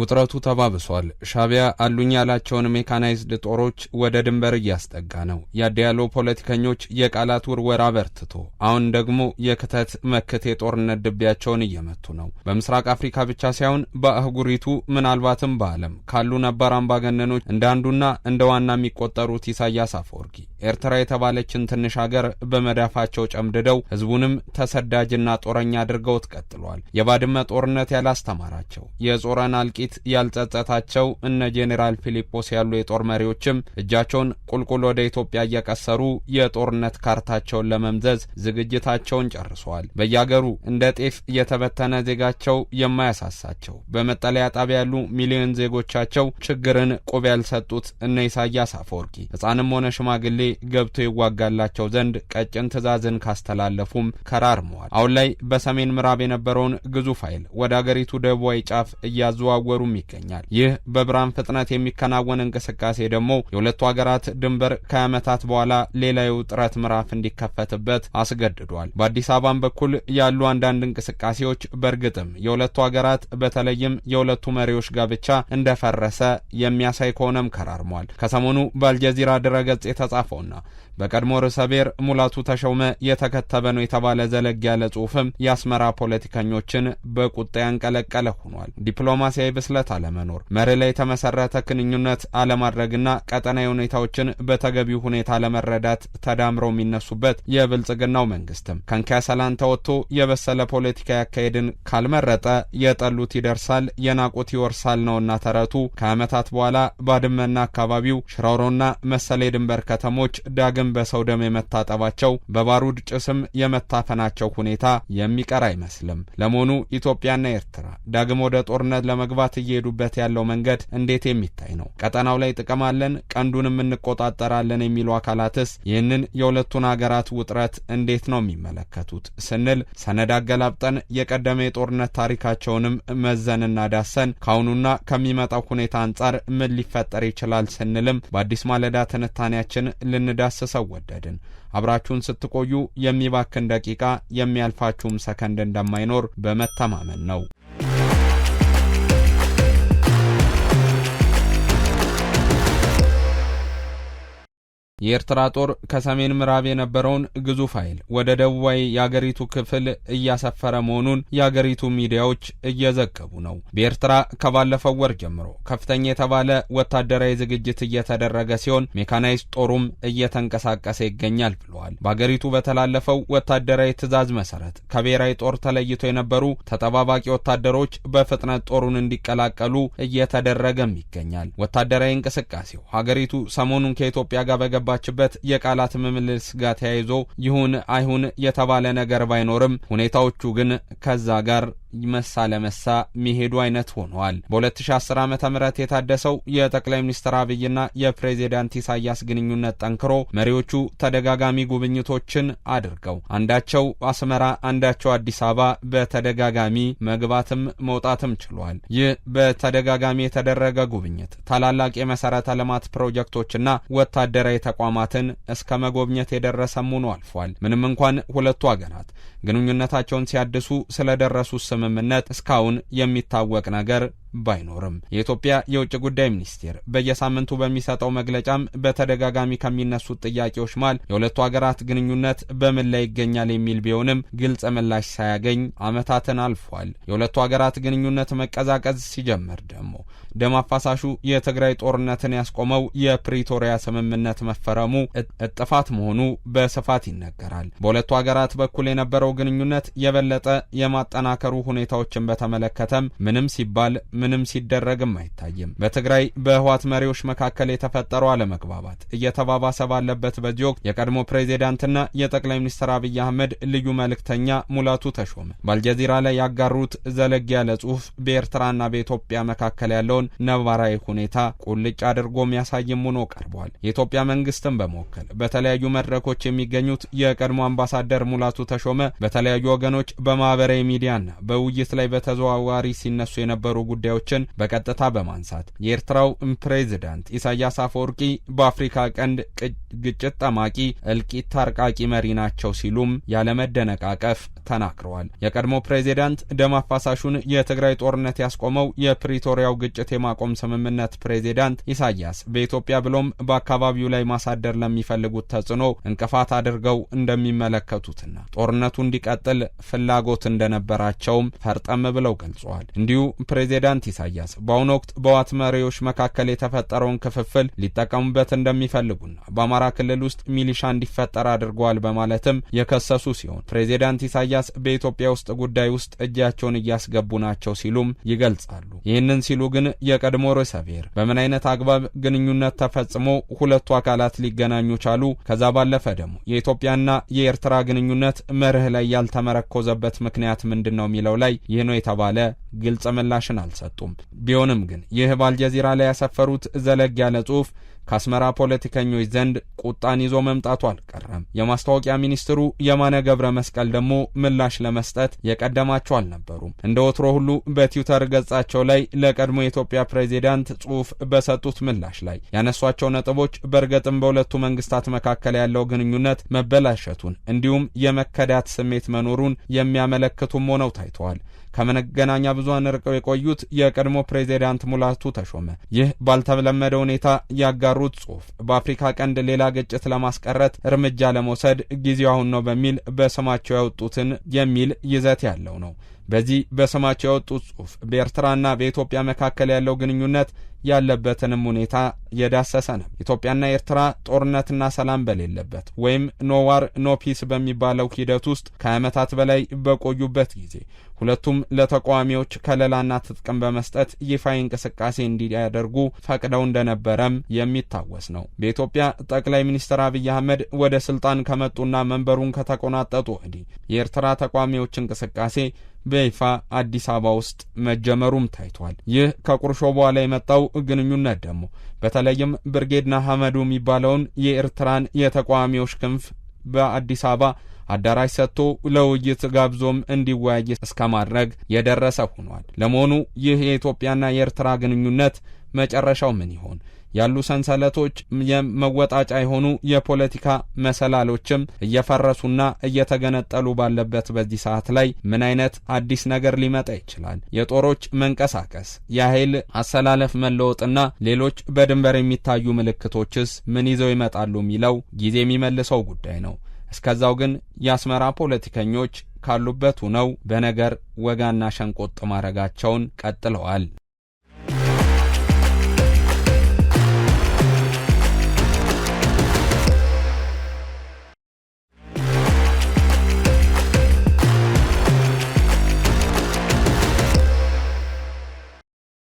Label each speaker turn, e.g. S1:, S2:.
S1: ውጥረቱ ተባብሷል። ሻቢያ አሉኝ ያላቸውን ሜካናይዝድ ጦሮች ወደ ድንበር እያስጠጋ ነው። የአዲያሎ ፖለቲከኞች የቃላት ውርወር አበርትቶ አሁን ደግሞ የክተት መክት የጦርነት ድቢያቸውን እየመቱ ነው። በምስራቅ አፍሪካ ብቻ ሳይሆን በአህጉሪቱ ምናልባትም በዓለም ካሉ ነባር አምባገነኖች እንዳንዱና እንደ ዋና የሚቆጠሩት ኢሳያስ አፈወርቂ ኤርትራ የተባለችን ትንሽ አገር በመዳፋቸው ጨምድደው ህዝቡንም ተሰዳጅና ጦረኛ አድርገውት ቀጥሏል። የባድመ ጦርነት ያላስተማራቸው የጾረን አልቂ ድርጊት ያልጸጸታቸው እነ ጄኔራል ፊሊጶስ ያሉ የጦር መሪዎችም እጃቸውን ቁልቁል ወደ ኢትዮጵያ እየቀሰሩ የጦርነት ካርታቸውን ለመምዘዝ ዝግጅታቸውን ጨርሰዋል። በየአገሩ እንደ ጤፍ የተበተነ ዜጋቸው የማያሳሳቸው በመጠለያ ጣቢያ ያሉ ሚሊዮን ዜጎቻቸው ችግርን ቁብ ያልሰጡት እነ ኢሳያስ አፈወርቂ ሕፃንም ሆነ ሽማግሌ ገብቶ ይዋጋላቸው ዘንድ ቀጭን ትዕዛዝን ካስተላለፉም ከራርመዋል። አሁን ላይ በሰሜን ምዕራብ የነበረውን ግዙፍ ኃይል ወደ አገሪቱ ደቡባዊ ጫፍ እያዘዋወሩ እየተተገበሩም ይገኛል። ይህ በብርሃን ፍጥነት የሚከናወን እንቅስቃሴ ደግሞ የሁለቱ ሀገራት ድንበር ከዓመታት በኋላ ሌላ የውጥረት ምዕራፍ እንዲከፈትበት አስገድዷል። በአዲስ አበባም በኩል ያሉ አንዳንድ እንቅስቃሴዎች በእርግጥም የሁለቱ ሀገራት በተለይም የሁለቱ መሪዎች ጋብቻ እንደፈረሰ የሚያሳይ ከሆነም ከራርሟል። ከሰሞኑ በአልጀዚራ ድረገጽ የተጻፈውና በቀድሞ ርዕሰ ብሔር ሙላቱ ተሾመ የተከተበ ነው የተባለ ዘለግ ያለ ጽሑፍም የአስመራ ፖለቲከኞችን በቁጣ ያንቀለቀለ ሆኗል። ዲፕሎማሲያዊ ብስለት አለመኖር፣ መርህ ላይ የተመሰረተ ግንኙነት አለማድረግና ቀጠናዊ ሁኔታዎችን በተገቢው ሁኔታ አለመረዳት ተዳምረው የሚነሱበት የብልጽግናው መንግስትም ከንኪያ ሰላን ወጥቶ የበሰለ ፖለቲካ ያካሄድን ካልመረጠ የጠሉት ይደርሳል የናቁት ይወርሳል ነውና ተረቱ ከዓመታት በኋላ ባድመና አካባቢው ሽራሮና መሰሌ ድንበር ከተሞች ዳግም ደም በሰው ደም የመታጠባቸው በባሩድ ጭስም የመታፈናቸው ሁኔታ የሚቀር አይመስልም። ለመሆኑ ኢትዮጵያና ኤርትራ ዳግም ወደ ጦርነት ለመግባት እየሄዱበት ያለው መንገድ እንዴት የሚታይ ነው? ቀጠናው ላይ ጥቅም አለን፣ ቀንዱንም እንቆጣጠራለን የሚሉ አካላትስ ይህንን የሁለቱን ሀገራት ውጥረት እንዴት ነው የሚመለከቱት ስንል ሰነድ አገላብጠን የቀደመ የጦርነት ታሪካቸውንም መዘንና ዳሰን ከአሁኑና ከሚመጣው ሁኔታ አንጻር ምን ሊፈጠር ይችላል ስንልም በአዲስ ማለዳ ትንታኔያችን ልንዳስሰው ሰው ወደድን። አብራችሁን ስትቆዩ የሚባክን ደቂቃ የሚያልፋችሁም ሰከንድ እንደማይኖር በመተማመን ነው። የኤርትራ ጦር ከሰሜን ምዕራብ የነበረውን ግዙፍ ኃይል ወደ ደቡባዊ የአገሪቱ ክፍል እያሰፈረ መሆኑን የአገሪቱ ሚዲያዎች እየዘገቡ ነው። በኤርትራ ከባለፈው ወር ጀምሮ ከፍተኛ የተባለ ወታደራዊ ዝግጅት እየተደረገ ሲሆን ሜካናይዝ ጦሩም እየተንቀሳቀሰ ይገኛል ብለዋል። በአገሪቱ በተላለፈው ወታደራዊ ትዕዛዝ መሰረት ከብሔራዊ ጦር ተለይቶ የነበሩ ተጠባባቂ ወታደሮች በፍጥነት ጦሩን እንዲቀላቀሉ እየተደረገም ይገኛል። ወታደራዊ እንቅስቃሴው ሀገሪቱ ሰሞኑን ከኢትዮጵያ ጋር በገ ከገባችበት የቃላት ምልልስ ጋር ተያይዞ ይሁን አይሁን የተባለ ነገር ባይኖርም ሁኔታዎቹ ግን ከዛ ጋር መሳ ለመሳ የሚሄዱ አይነት ሆነዋል። በ2010 ዓ ም የታደሰው የጠቅላይ ሚኒስትር አብይና የፕሬዚዳንት ኢሳያስ ግንኙነት ጠንክሮ መሪዎቹ ተደጋጋሚ ጉብኝቶችን አድርገው አንዳቸው አስመራ አንዳቸው አዲስ አበባ በተደጋጋሚ መግባትም መውጣትም ችሏል። ይህ በተደጋጋሚ የተደረገ ጉብኝት ታላላቅ የመሰረተ ልማት ፕሮጀክቶችና ወታደራዊ ተቋማትን እስከ መጎብኘት የደረሰም ሆኖ አልፏል። ምንም እንኳን ሁለቱ አገራት ግንኙነታቸውን ሲያድሱ ስለደረሱት ስምምነት እስካሁን የሚታወቅ ነገር ባይኖርም የኢትዮጵያ የውጭ ጉዳይ ሚኒስቴር በየሳምንቱ በሚሰጠው መግለጫም በተደጋጋሚ ከሚነሱት ጥያቄዎች መሃል የሁለቱ ሀገራት ግንኙነት በምን ላይ ይገኛል የሚል ቢሆንም ግልጽ ምላሽ ሳያገኝ ዓመታትን አልፏል። የሁለቱ ሀገራት ግንኙነት መቀዛቀዝ ሲጀምር ደግሞ ደም አፋሳሹ የትግራይ ጦርነትን ያስቆመው የፕሪቶሪያ ስምምነት መፈረሙ እጥፋት መሆኑ በስፋት ይነገራል። በሁለቱ ሀገራት በኩል የነበረው ግንኙነት የበለጠ የማጠናከሩ ሁኔታዎችን በተመለከተም ምንም ሲባል ምንም ሲደረግም አይታይም። በትግራይ በህወሓት መሪዎች መካከል የተፈጠረው አለመግባባት እየተባባሰ ባለበት በዚህ ወቅት የቀድሞ ፕሬዚዳንትና የጠቅላይ ሚኒስትር አብይ አህመድ ልዩ መልእክተኛ ሙላቱ ተሾመ በአልጀዚራ ላይ ያጋሩት ዘለግ ያለ ጽሁፍ በኤርትራና በኢትዮጵያ መካከል ያለውን ነባራዊ ሁኔታ ቁልጭ አድርጎ የሚያሳይም ሆኖ ቀርቧል። የኢትዮጵያ መንግስትን በመወከል በተለያዩ መድረኮች የሚገኙት የቀድሞ አምባሳደር ሙላቱ ተሾመ በተለያዩ ወገኖች በማህበራዊ ሚዲያና በውይይት ላይ በተዘዋዋሪ ሲነሱ የነበሩ ጉዳዮች ጉዳዮችን በቀጥታ በማንሳት የኤርትራው ፕሬዚዳንት ኢሳያስ አፈወርቂ በአፍሪካ ቀንድ ግጭት ጠማቂ፣ እልቂት ታርቃቂ መሪ ናቸው ሲሉም ያለመደነቃቀፍ ተናግረዋል። የቀድሞ ፕሬዚዳንት ደም አፋሳሹን የትግራይ ጦርነት ያስቆመው የፕሪቶሪያው ግጭት የማቆም ስምምነት ፕሬዚዳንት ኢሳያስ በኢትዮጵያ ብሎም በአካባቢው ላይ ማሳደር ለሚፈልጉት ተጽዕኖ እንቅፋት አድርገው እንደሚመለከቱትና ጦርነቱ እንዲቀጥል ፍላጎት እንደነበራቸውም ፈርጠም ብለው ገልጸዋል። እንዲሁ ፕሬዚዳንት ፕሬዝዳንት ኢሳያስ በአሁኑ ወቅት በዋት መሪዎች መካከል የተፈጠረውን ክፍፍል ሊጠቀሙበት እንደሚፈልጉና በአማራ ክልል ውስጥ ሚሊሻ እንዲፈጠር አድርገዋል በማለትም የከሰሱ ሲሆን ፕሬዚዳንት ኢሳያስ በኢትዮጵያ ውስጥ ጉዳይ ውስጥ እጃቸውን እያስገቡ ናቸው ሲሉም ይገልጻሉ። ይህንን ሲሉ ግን የቀድሞ ርዕሰ ብሔር በምን አይነት አግባብ ግንኙነት ተፈጽሞ ሁለቱ አካላት ሊገናኙ ቻሉ? ከዛ ባለፈ ደግሞ የኢትዮጵያና የኤርትራ ግንኙነት መርህ ላይ ያልተመረኮዘበት ምክንያት ምንድን ነው የሚለው ላይ ይህ ነው የተባለ ግልጽ ምላሽን አልሰጡ። አልሰጡም። ቢሆንም ግን ይህ ባልጀዚራ ላይ ያሰፈሩት ዘለግ ያለ ጽሑፍ ከአስመራ ፖለቲከኞች ዘንድ ቁጣን ይዞ መምጣቱ አልቀረም። የማስታወቂያ ሚኒስትሩ የማነ ገብረ መስቀል ደግሞ ምላሽ ለመስጠት የቀደማቸው አልነበሩም። እንደ ወትሮ ሁሉ በትዊተር ገጻቸው ላይ ለቀድሞ የኢትዮጵያ ፕሬዚዳንት ጽሑፍ በሰጡት ምላሽ ላይ ያነሷቸው ነጥቦች በእርግጥም በሁለቱ መንግስታት መካከል ያለው ግንኙነት መበላሸቱን እንዲሁም የመከዳት ስሜት መኖሩን የሚያመለክቱም ሆነው ታይተዋል። ከመገናኛ ብዙሃን ርቀው የቆዩት የቀድሞ ፕሬዚዳንት ሙላቱ ተሾመ ይህ ባልተለመደ ሁኔታ ያጋሩት ጽሑፍ በአፍሪካ ቀንድ ሌላ ግጭት ለማስቀረት እርምጃ ለመውሰድ ጊዜው አሁን ነው በሚል በስማቸው ያወጡትን የሚል ይዘት ያለው ነው። በዚህ በስማቸው ያወጡት ጽሑፍ በኤርትራና በኢትዮጵያ መካከል ያለው ግንኙነት ያለበትንም ሁኔታ የዳሰሰ ነው። ኢትዮጵያና ኤርትራ ጦርነትና ሰላም በሌለበት ወይም ኖዋር ኖፒስ በሚባለው ሂደት ውስጥ ከዓመታት በላይ በቆዩበት ጊዜ ሁለቱም ለተቃዋሚዎች ከለላና ትጥቅም በመስጠት ይፋዊ እንቅስቃሴ እንዲያደርጉ ፈቅደው እንደነበረም የሚታወስ ነው። በኢትዮጵያ ጠቅላይ ሚኒስትር አብይ አህመድ ወደ ስልጣን ከመጡና መንበሩን ከተቆናጠጡ ወዲህ የኤርትራ ተቃዋሚዎች እንቅስቃሴ በይፋ አዲስ አበባ ውስጥ መጀመሩም ታይቷል። ይህ ከቁርሾ በኋላ የመጣው ግንኙነት ደግሞ በተለይም ብርጌድና ሐመዱ የሚባለውን የኤርትራን የተቃዋሚዎች ክንፍ በአዲስ አበባ አዳራሽ ሰጥቶ ለውይይት ጋብዞም እንዲወያይ እስከ ማድረግ የደረሰ ሆኗል። ለመሆኑ ይህ የኢትዮጵያና የኤርትራ ግንኙነት መጨረሻው ምን ይሆን? ያሉ ሰንሰለቶች የመወጣጫ የሆኑ የፖለቲካ መሰላሎችም እየፈረሱና እየተገነጠሉ ባለበት በዚህ ሰዓት ላይ ምን አይነት አዲስ ነገር ሊመጣ ይችላል? የጦሮች መንቀሳቀስ፣ የኃይል አሰላለፍ መለወጥና ሌሎች በድንበር የሚታዩ ምልክቶችስ ምን ይዘው ይመጣሉ የሚለው ጊዜ የሚመልሰው ጉዳይ ነው። እስከዛው ግን የአስመራ ፖለቲከኞች ካሉበት ሁነው በነገር ወጋና ሸንቆጥ ማድረጋቸውን ቀጥለዋል።